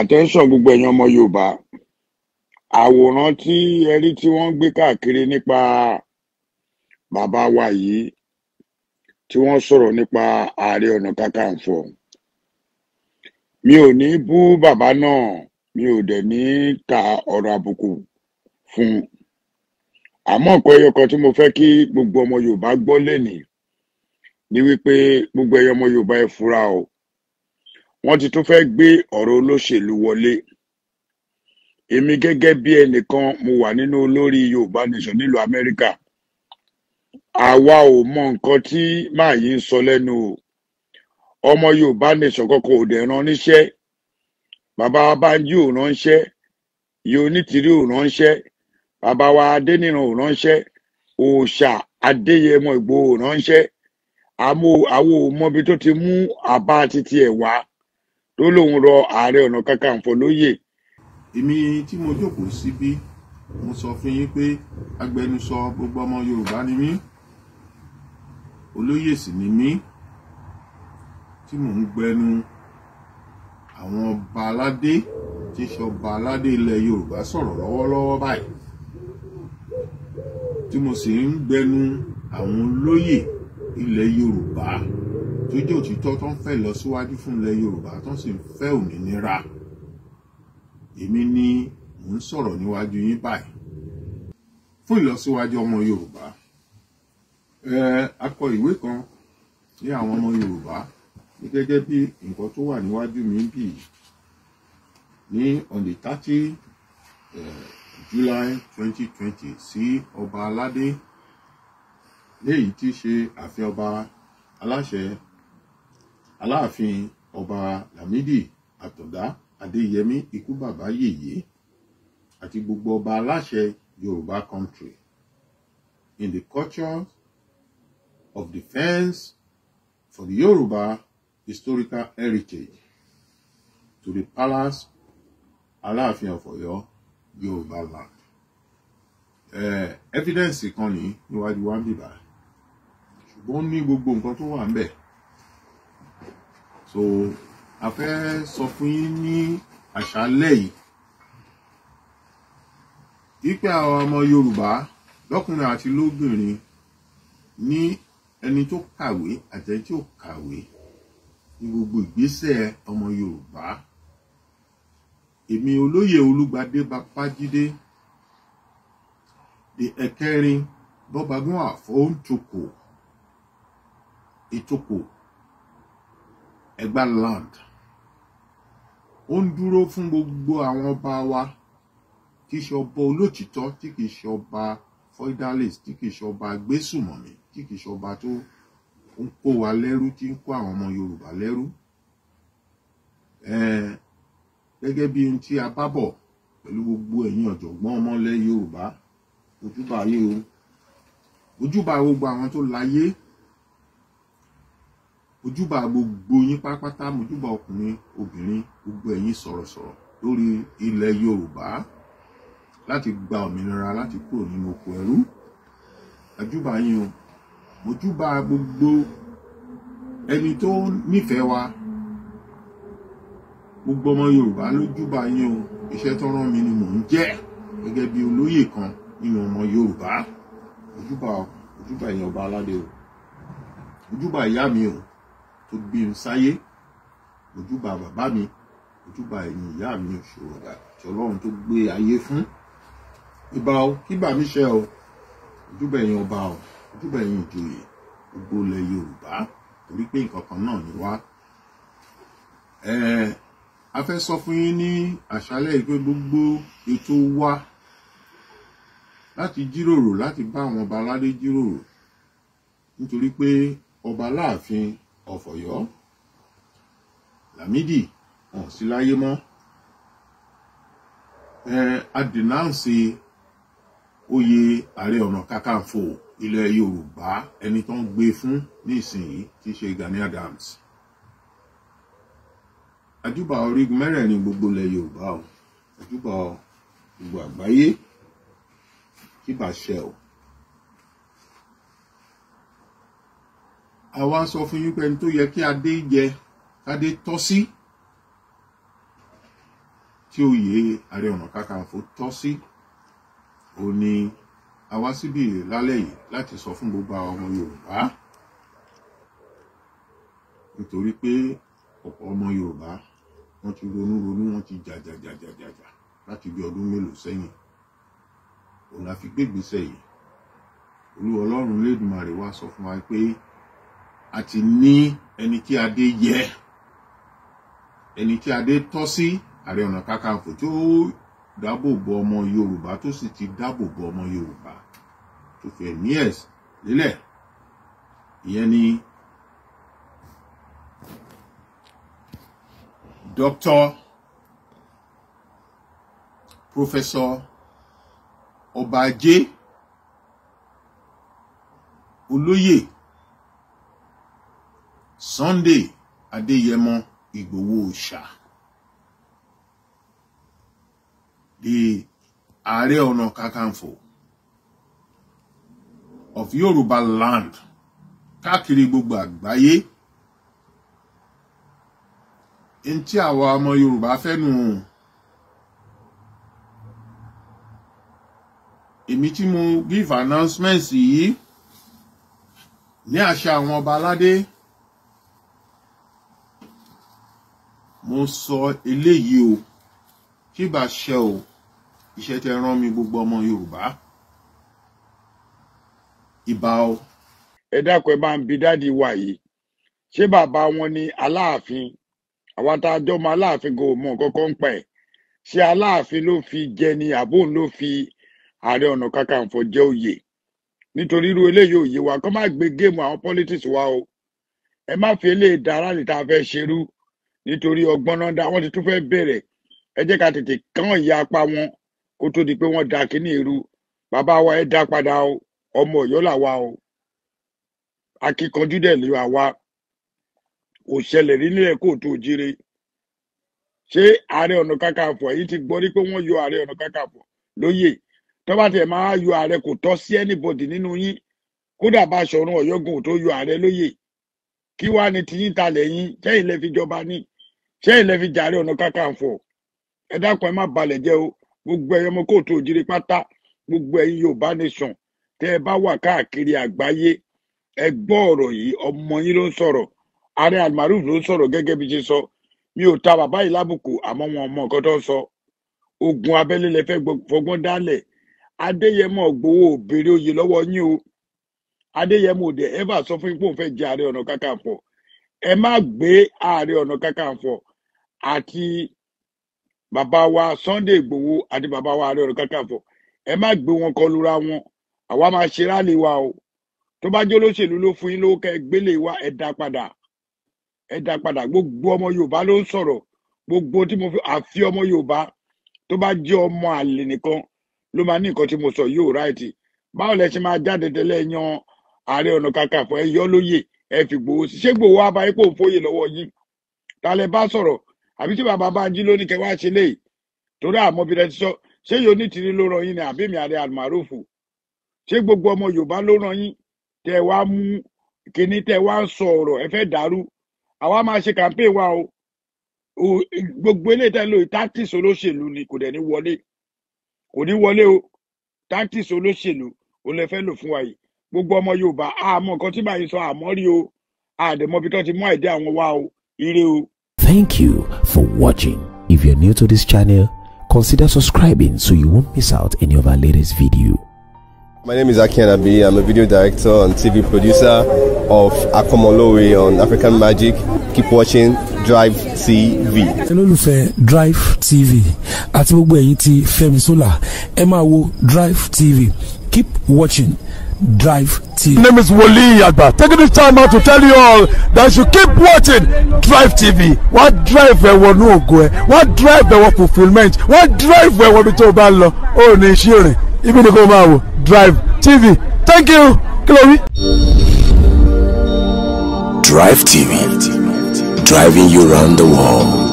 attention gbogbo ẹ̀yin ọmọ Yorùbá àwòrán tí ẹ rí tí wọ́n ń gbé káàkiri nípa bàbá wa yìí tí wọ́n sọ̀rọ̀ nípa ààrẹ ọ̀nà kakanfò mi ò ní bú bàbá náà mi ò dẹ̀ ní ka ọ̀rọ̀ àbùkù fún un àmọ́ ọ̀pọ̀ ẹyọ kan tí mo fẹ́ kí gbogbo ọmọ Yorùbá gbọ́ lẹ́nìí ni wípé gbogbo ẹyọ ọmọ Yorùbá ẹ fura o wọ́n ti tún fẹ́ẹ́ gbé ọ̀rọ̀ olóṣèlú wọlé èmi gẹ́gẹ́ bí ẹnìkan mo wà nínú olórí Yorùbá Nation nílùú Amẹ́ríkà àwa ò mọ nǹkan tí màá yìí ń sọ lẹ́nu o ọmọ Yorùbá Nation kọ́kọ́ ò dẹ̀ rán níṣẹ́ bàbá Bánjí ò ránṣẹ́ yóò nítìrí ò ránṣẹ́ bàbá wa Adéníran ò ránṣẹ́ òòṣà Adéyẹmọ Ìgbòho ò ránṣẹ́ àmọ́ mọbi tó ti mú àbá titi ẹ̀ wá tó lòun rọ ààrẹ ọ̀nà kakanfò lóyè. èmi tí mo jókòó síbí mo sọ fún yín pé agbẹnusọ gbogbo ọmọ yorùbá ni mí olóyè sì ni mí tí mò ń gbẹnu àwọn ọba aládé tí í ṣe ọba aládé ilẹ̀ yorùbá sọ̀rọ̀ lọ́wọ́lọ́wọ́ báyìí tí mo sì ń gbẹnu àwọn olóyè ilẹ̀ yorùbá tó jẹ́ òtítọ́ tó ń fẹ́ lọ síwájú fún ilẹ̀ Yorùbá tó sì ń fẹ́ òmìnira èmi ni mò ń sọ̀rọ̀ níwájú yín báyìí fún ìlọsíwájú ọmọ Yorùbá ẹ akọ ìwé kan ní àwọn ọmọ Yorùbá ní gẹ́gẹ́ bí nǹkan tó wà níwájú mi bì ní on the thirty July twenty twenty sí ọba aládé léyìí tí í ṣe àfihàn ọba aláṣẹ aláàfin ọba Lamidi àtọ̀dá adéyẹmí ikú bàbá yèyé àti gbogbo ọba aláṣẹ yorùbá country in the culture of defence for the yorùbá historical heritage to the palace aláàfin of ọ̀yọ́ yorùbá land uh, evidence kan ní níwájú wa ń bìbà ṣùgbọ́n ní gbogbo nǹkan tó wà ń bẹ̀ so a fẹ́ sọ fún yín ní àṣálẹ́ yìí wípé àwọn ọmọ Yorùbá lọ́kùnrin àti lóbìnrin ní ẹni tó kàwé àtẹni tí ò kàwé ní gbogbo ìgbésẹ̀ ọmọ Yorùbá èmi olóyè Olúgbadé Babájídé di ẹ̀kẹrin Bọ́bagún Àfọ̀ntókò Ìtókò Ẹ̀gbá land ó ń dúró fún gbogbo àwọn ọba wa tí í ṣe ọba olótìtọ́ tí kì í ṣe ọba fọdálẹsì tí kì í ṣe ọba agbésùmọ̀mí tí kì í ṣe ọba tó ń kó wa lẹ́rú tí ń kó àwọn ọmọ Yorùbá lẹ́rú gẹ́gẹ́ bí ohun tí a bá bọ̀ pẹ̀lú gbogbo ẹ̀yin ọ̀jọ̀gbọ́n ọmọlẹ̀ Yorùbá ojúbà yìí o ojúbà gbogbo àwọn tó láyé ojúbà gbogbo yín pátápátá mojúbà ọkùnrin obìnrin gbogbo ẹ̀yin sọ̀rọ̀sọ̀rọ̀ lórí ilẹ̀ yorùbá láti gba òmìnira láti kúrò nínú oko ẹrú ojúbà yín o mojúbà gbogbo ẹni tó nífẹ̀ẹ́ wa gbogbo ọmọ yorùbá lójúbà yín o iṣẹ́ tó rán mi ni mò ń jẹ́ gẹ́gẹ́ bí olóyè kan nínú ọmọ yorùbá ojúbà ojúbà ẹ̀yin ọba aládé o ojúbà ìyá mi o tó bí n sáyé ojúbà bàbá mi ojúbà ẹ̀yìn ìyá mi òṣòro ọ̀gá tí ọlọ́run tó gbé ayé fún ìbà o kíbà mi ṣe o ojúbà ẹ̀yìn ọba o ojúbà ẹ̀yìn ìjòyè gbogbo ilẹ̀ yorùbá torí pé nǹkan kan náà ni wá a fẹ́ sọ fún yín ní àṣálẹ́ pé gbogbo ètò wa láti jíròrò láti bá àwọn ọba aládé jíròrò nítorí pé ọba láàfin of Ọ̀yọ́ Lamidi wọn sí láyé mọ́ ẹ adìnáǹsì oyè ààrẹ ọ̀nà kakanfò ilẹ̀ Yorùbá ẹni tó ń gbé fún nísìnyí tí í ṣe Gani Adams àjúbà orígun mẹ́rẹ̀ẹ̀rin gbogbo ilẹ̀ Yorùbá o àjúbà gbogbo àgbáyé kí bá ṣe o. àwa sọ fún yín pé ẹni tó yẹ kí adé jẹ adé tọ́ sí tí oyè ààrẹ ọ̀nà kakanfò tọ́ sí ò ní àwa síbí lálẹ́ yìí láti sọ fún gbogbo àwọn ọmọ yorùbá nítorí pé ọ̀pọ̀ ọmọ yorùbá wọ́n ti ronú ronú wọ́n ti jàjàjàjàjà láti bí ọdún mélòó sẹ́yìn òun la fi gbégbèsè yìí olú ọlọ́run lédùmarè wá sọ fún wa pé àti ní ẹni tí adé yẹ ẹni tí adé tọ́ sí ààrẹ ọ̀nà kakanfò tó dáàbò bo ọmọ yorùbá tó sì ti dáàbò bo ọmọ yorùbá tó fi ẹ̀mí ẹ̀ lélẹ̀ ìyẹn ni dr professor ọba ajé olóyè. Sunday Adéyẹmọ Ìgbòho Òòṣà the Ààrẹ Ọ̀nà kakanfo of Yoruba land káàkiri gbogbo àgbáyé n tí àwa ọmọ Yorùbá fẹ́nu èmi tí mo give announcement yìí ní àṣà àwọn ọba aládé. mo ń sọ eléyìí o kí bá ṣe o iṣẹ́ tẹ rán mi gbogbo ọmọ Yorùbá ìbá o. ẹ dákun ẹ bá ń bi dáàdi wa yìí ṣé bàbá wọn ni Aláàfin àwa tá a jọ ọmọ Aláàfin kò mọ kọkọ ń pa ẹ ṣé Aláàfin ló fi jẹ ni àbóun ló fi Ààrẹ Ọ̀nà Kakanfò jẹ oyè nítorí irú eléyìí òye wa kọ́ má gbé géèmù àwọn politics wa o ẹ má fi eléyìí dára níta fẹ́ ṣerú nítorí ọgbọ́n náà dá wọ́n ti tún fẹ́ bẹ̀rẹ̀ ẹ jẹ́ ká tètè kán ìyá apá wọn kó tó di pé wọ́n da kíní irú bàbá wa ẹ dá padà o ọmọ Ọ̀yọ́ làwa o akíkanjú dẹ̀ lè wà wá kò ṣẹlẹ̀ nílẹ̀ kó tó jíire ṣé ààrẹ ọ̀nà kákàfọ̀ èyí ti gbọ́ rí pé wọ́n yọ ààrẹ ọ̀nà kákàfọ̀ lóyè tó bá tẹ̀ máa yọ ààrẹ kò tọ́ sí anybody nínú yín kódà bá aṣọ ọ̀run ọ̀yọ́gùn tó yọ ààrẹ lóyè kí wàá ní tiyín talẹ̀ yín kẹ́yìn lè fi ṣé ilẹ̀ fi jàre ọ̀nà kakanfò ẹ dákun ẹ má balẹ̀ jẹ́ o gbogbo ẹ̀yọ́ ọmọ kóòtù òjìrì pátá gbogbo ẹ̀yin yorùbá nation tẹ́ ẹ bá wà káàkiri àgbáyé ẹ gbọ́ ọ̀rọ̀ yìí ọmọ yín ló ń sọ̀rọ̀ ààrẹ almaruf ló ń sọ̀rọ̀ gẹ́gẹ́ bí ṣe sọ mi ò ta bàbá yìí lábùkù àmọ́ wọn ọmọ nǹkan tó ń sọ ogun abẹ́lé lẹ fẹ́ fọgbọ́n dálẹ̀ adéyẹmọ gbowó òbèrè oyè lọ́wọ́ yín o adéyẹmọ òde ẹ bá sọ fún yín pé òun fẹ́ jẹ ààrẹ ọ̀nà kakanfò ẹ má gbé ààrẹ ọ̀nà kakanfò àti bàbá wa Sunday Ìgbòho àti bàbá wa Ààrẹ Ọ̀nà Kakanfò ẹ má gbé wọn kọlura wọn àwa máa ṣe rálì wa o tó bá jẹ́ olóṣèlú ló fún yín lówó kẹ́ ẹ gbélé wa ẹ dá padà ẹ dá padà gbogbo ọmọ Yorùbá ló ń sọ̀rọ̀ gbogbo tí mo fi àfi ọmọ Yorùbá tó bá jẹ́ ọmọ àlè nìkan ló máa ní nǹkan tí mo sọ yóò ráìtì báwo lẹ ṣe máa jáde tẹ́lẹ̀ yan ààrẹ ọ̀nà kakanfò ẹ yọ lóye ẹ fi gbòó sí ṣé gbòó òfòye lọ́wọ́ yín ta lẹ bá sọ̀rọ̀ àbí tí bàbá bá jí lónìí kẹwàá ṣe léyìí torí àmọ́ bí rẹ̀ ti sọ ṣé yóò ní tìrí ló ràn yín ni àbí mi àrẹ àlùmáròfò ṣé gbogbo ọmọ Yorùbá ló ràn yín tẹ wá mú kíní tẹ wá sọ ọ̀rọ̀ ẹ fẹ́ dàrú àwa máa ṣe campaign wa o gbogbo eléyìí tẹ lóyè tactics olóṣèlú ni kò dẹ̀ ní wọlé kò ní wọlé o tactics olóṣèlú o lè fẹ́ lò fún wa yìí gbogbo ọmọ Yorùbá àmọ́ nǹkan tí báyìí sọ àmọ́ rí o àdèmọ́bí tó ti mú àìdí àwọn wa o ire o. Thank you for watching. If you're new to this channel, consider subscribing so you won't miss out any of our latest video. My name is Akian Abi. I'm a video director and TV producer of Akomolowe on African Magic. Keep watching Drive TV. Olólùfẹ́ Drive TV àti gbogbo ẹ̀yin tí Fẹ́mi Sola ẹ Drive TV. Keep watching. Drive TV. name is Wole Agba taking this time out to tell you all that you keep watching Drive TV wá drive ẹ̀wọ̀ ní ògo ẹ̀ wá drive ẹ̀wọ̀ fulfilment wá drive ẹ̀wọ̀ bí tó o bá lọ ó ní iṣẹ́ rìn ibi ni kò máa wò Drive TV thank you kí Drive TV driving you round the world.